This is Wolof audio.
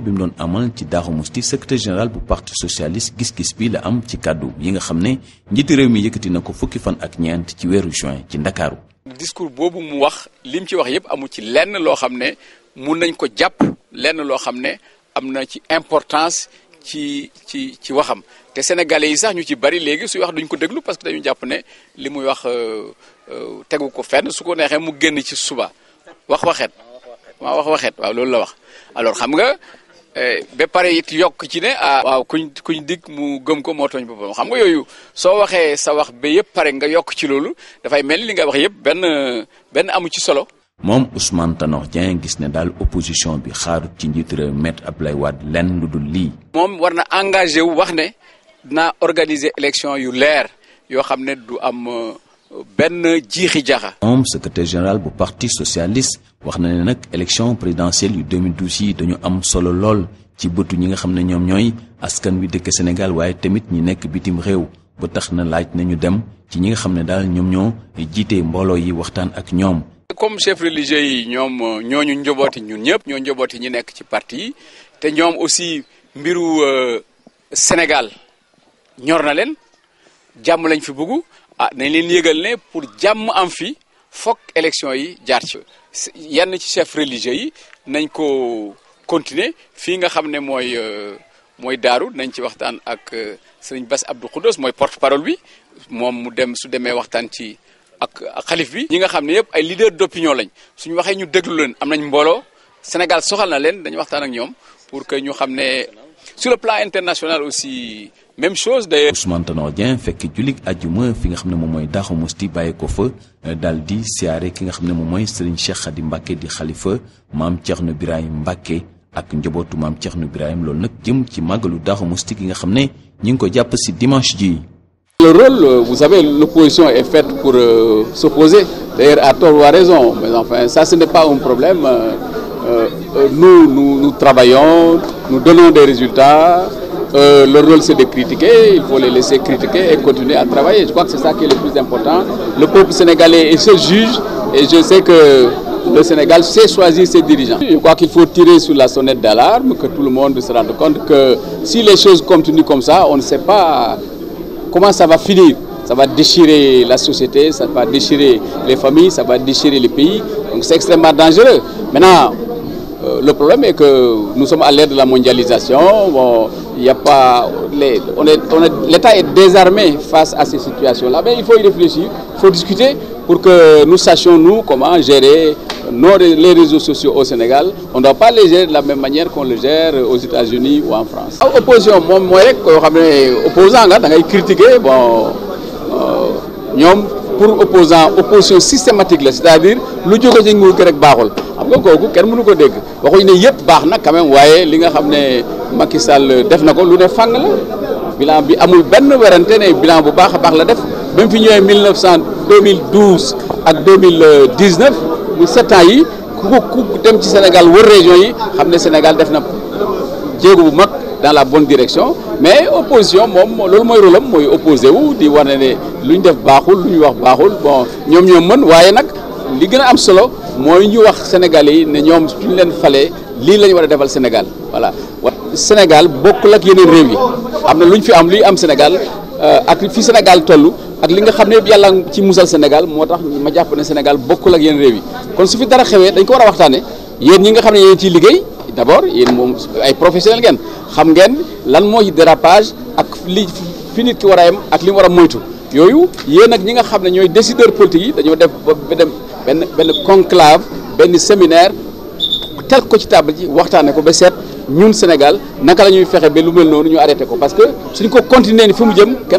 discours bi mu doon amal ci Daaru Musti secrétaire général bu parti socialiste gis-gis bi la am ci kàddu yi nga xam ne njiiti réew mi yëkkati na ko fukki fan ak ñeent ci weeru join ci ndakaaru discours boobu mu wax lim ci wax yépp amu ci lenn loo xam ne mun nañ ko jàpp lenn loo xam ne am na ci importance ci ci ci waxam te sénégale yi sax ñu ci bari léegi suy wax duñ ko déglu parce que dañu jàpp ne li muy wax euh, euh, tegu ko fenn su ko neexee mu génn ci suba wax waxet ah, waaw Eh, be pare it yokk ci ne ah. waaw kuñ kuñ dig mu gëm ko moo tooñ boppam xam nga yooyu soo waxee sa wax ba yëpp pare nga yokk ci loolu dafay mel ni li nga wax yëpp benn benn amu ci solo. moom Ousmane Tanor Dieng gis ne daal opposition bi xaarut ci njiitu réew Maître Abdoulaye Wade lenn lu dul lii. moom war na engagé wu wax ne dinaa organiser élection yu leer yoo xam ne du am. Euh, benn jiixi jaxa moom secretaire général bu parti socialiste wax na ne nag élection présidentielle yu 2012 yi dañu am solo lool ci bëtu ñi nga xam ne ñoom ñooy askan wi dëkk Sénégal waaye tamit ñi nekk bitim réew bu tax na laaj nañu dem ci ñi nga xam ne daal ñoom ñoo jiite mbooloo yi waxtaan ak ñoom. comme chef religieux yi ñoom ñoo ñu njobooti ñun ñëpp ñoo njobooti ñi nekk ci parti yi te ñoom aussi mbiru euh, Sénégal ñor na leen. jàmm lañ fi bugg ah nañ leen yëgal ne pour jàmm am fi foog élection yi jaar ci yenn ci chef religieux yi nañ ko continuer fii nga xam ne mooy euh, mooy daaru nañ ci waxtaan ak euh, sëriñ Bass Abdou Khoudoss mooy porte parole bi moom mu dem su demee waxtaan ci ak xalif bi. ñi nga xam ne yëpp ay leader d'opinion lañ suñu waxee ñu déglu leen am nañ mbooloo Sénégal soxal na leen dañu waxtaan ak ñoom pour que ñu xam ne sur le plan international aussi. même chose d'ailleurs. Ousmane Tanor Dieng fekk jullit àjjuma fi nga xam ne moom mooy Daaru Musti bàyyi ko fa daal di siyaare ki nga xam ne moom mooy Serigne Cheikh Khady Mbacké di xalifa maam Thierno Birahim Mbacké ak njabootu maam Thierno Birahim loolu nag jëm ci màggalu Daaru Musti gi nga xam ne ñu ngi ko jàpp si dimanche ji. Le rôle, euh, vous savez, l'opposition est faite pour euh, s'opposer, d'ailleurs à tort ou à raison, mais enfin ça ce n'est pas un problème. Euh, euh nous, nous, nous nous donnons Euh, leur rôle c'est de critiquer, il faut les laisser critiquer et continuer à travailler. Je crois que c'est ça qui est le plus important. Le peuple sénégalais est seul juge et je sais que le Sénégal sait choisir ses dirigeants. Je crois qu'il faut tirer sur la sonnette d'alarme, que tout le monde se rende compte que si les choses continuent comme ça, on ne sait pas comment ça va finir. Ça va déchirer la société, ça va déchirer les familles, ça va déchirer les pays. Donc c'est extrêmement dangereux. Maintenant, Euh, le problème est que nous sommes à l'ère de la mondialisation. Bon, y a pas, les, on est, on l'État est désarmé face à ces situations-là. Mais il faut y réfléchir, il faut discuter pour que nous sachions, nous, comment gérer nos, les réseaux sociaux au Sénégal. On ne doit pas les gérer de la même manière qu'on les gère aux États-Unis ou en France. Ah, opposition, moi, moi, opposant, critiquer, bon, euh, pour opposant opposition systématique la c'est-à-dire lu jóge ci nguur gi rek baaxul xam nga kooku kenn mënu ko dégg waxuñu ne yëpp baax na quand waaye li nga xam ne Macky Sall def na ko lu ne fàng la bilan bi amul benn werante ne bilan bu baax a baax la def ba mu fi ñëwee mille neuf cent deux mille douze ak deux mille dix neuf mu sept yi ku ku dem ci Sénégal wër région yi xam ne Sénégal def na jéego bu mag. dans la bonne direction mais opposition moom loolu mooy rôle mooy opposé wu di war ne ne lu ñu def baaxul lu ñu wax baaxul bon ñoom ñoo mën waaye nag li gën a am solo mooy ñu wax Sénégalais yi ne ñoom suñu leen falee lii la ñu war a defal Sénégal voilà. Sénégal bokkul ak yeneen réew yi am na lu ñu fi am luy am Sénégal euh, ak fi Sénégal toll ak li nga xam ne yëpp yàlla ci musal Sénégal moo tax ma jàpp ne Sénégal bokkul ak yeneen réew yi kon su fi dara xewee dañ ko war yéen ñi nga xam ne yéen ciy liggéey. d' abord yéen moom ay professionnel ngeen xam ngeen lan mooy dérapage ak li fi nit ki war a yem ak li mu war moytu yooyu yéen ak ñi nga xam ne ñooy décideur politique yi dañoo def benn benn conclave benn séminaire teg ko ci table ji waxtaane ko ba seet ñun Sénégal naka la ñuy fexe be lu mel noonu ñu arrêté ko parce que suñ ko continuer ni fi mu jëm.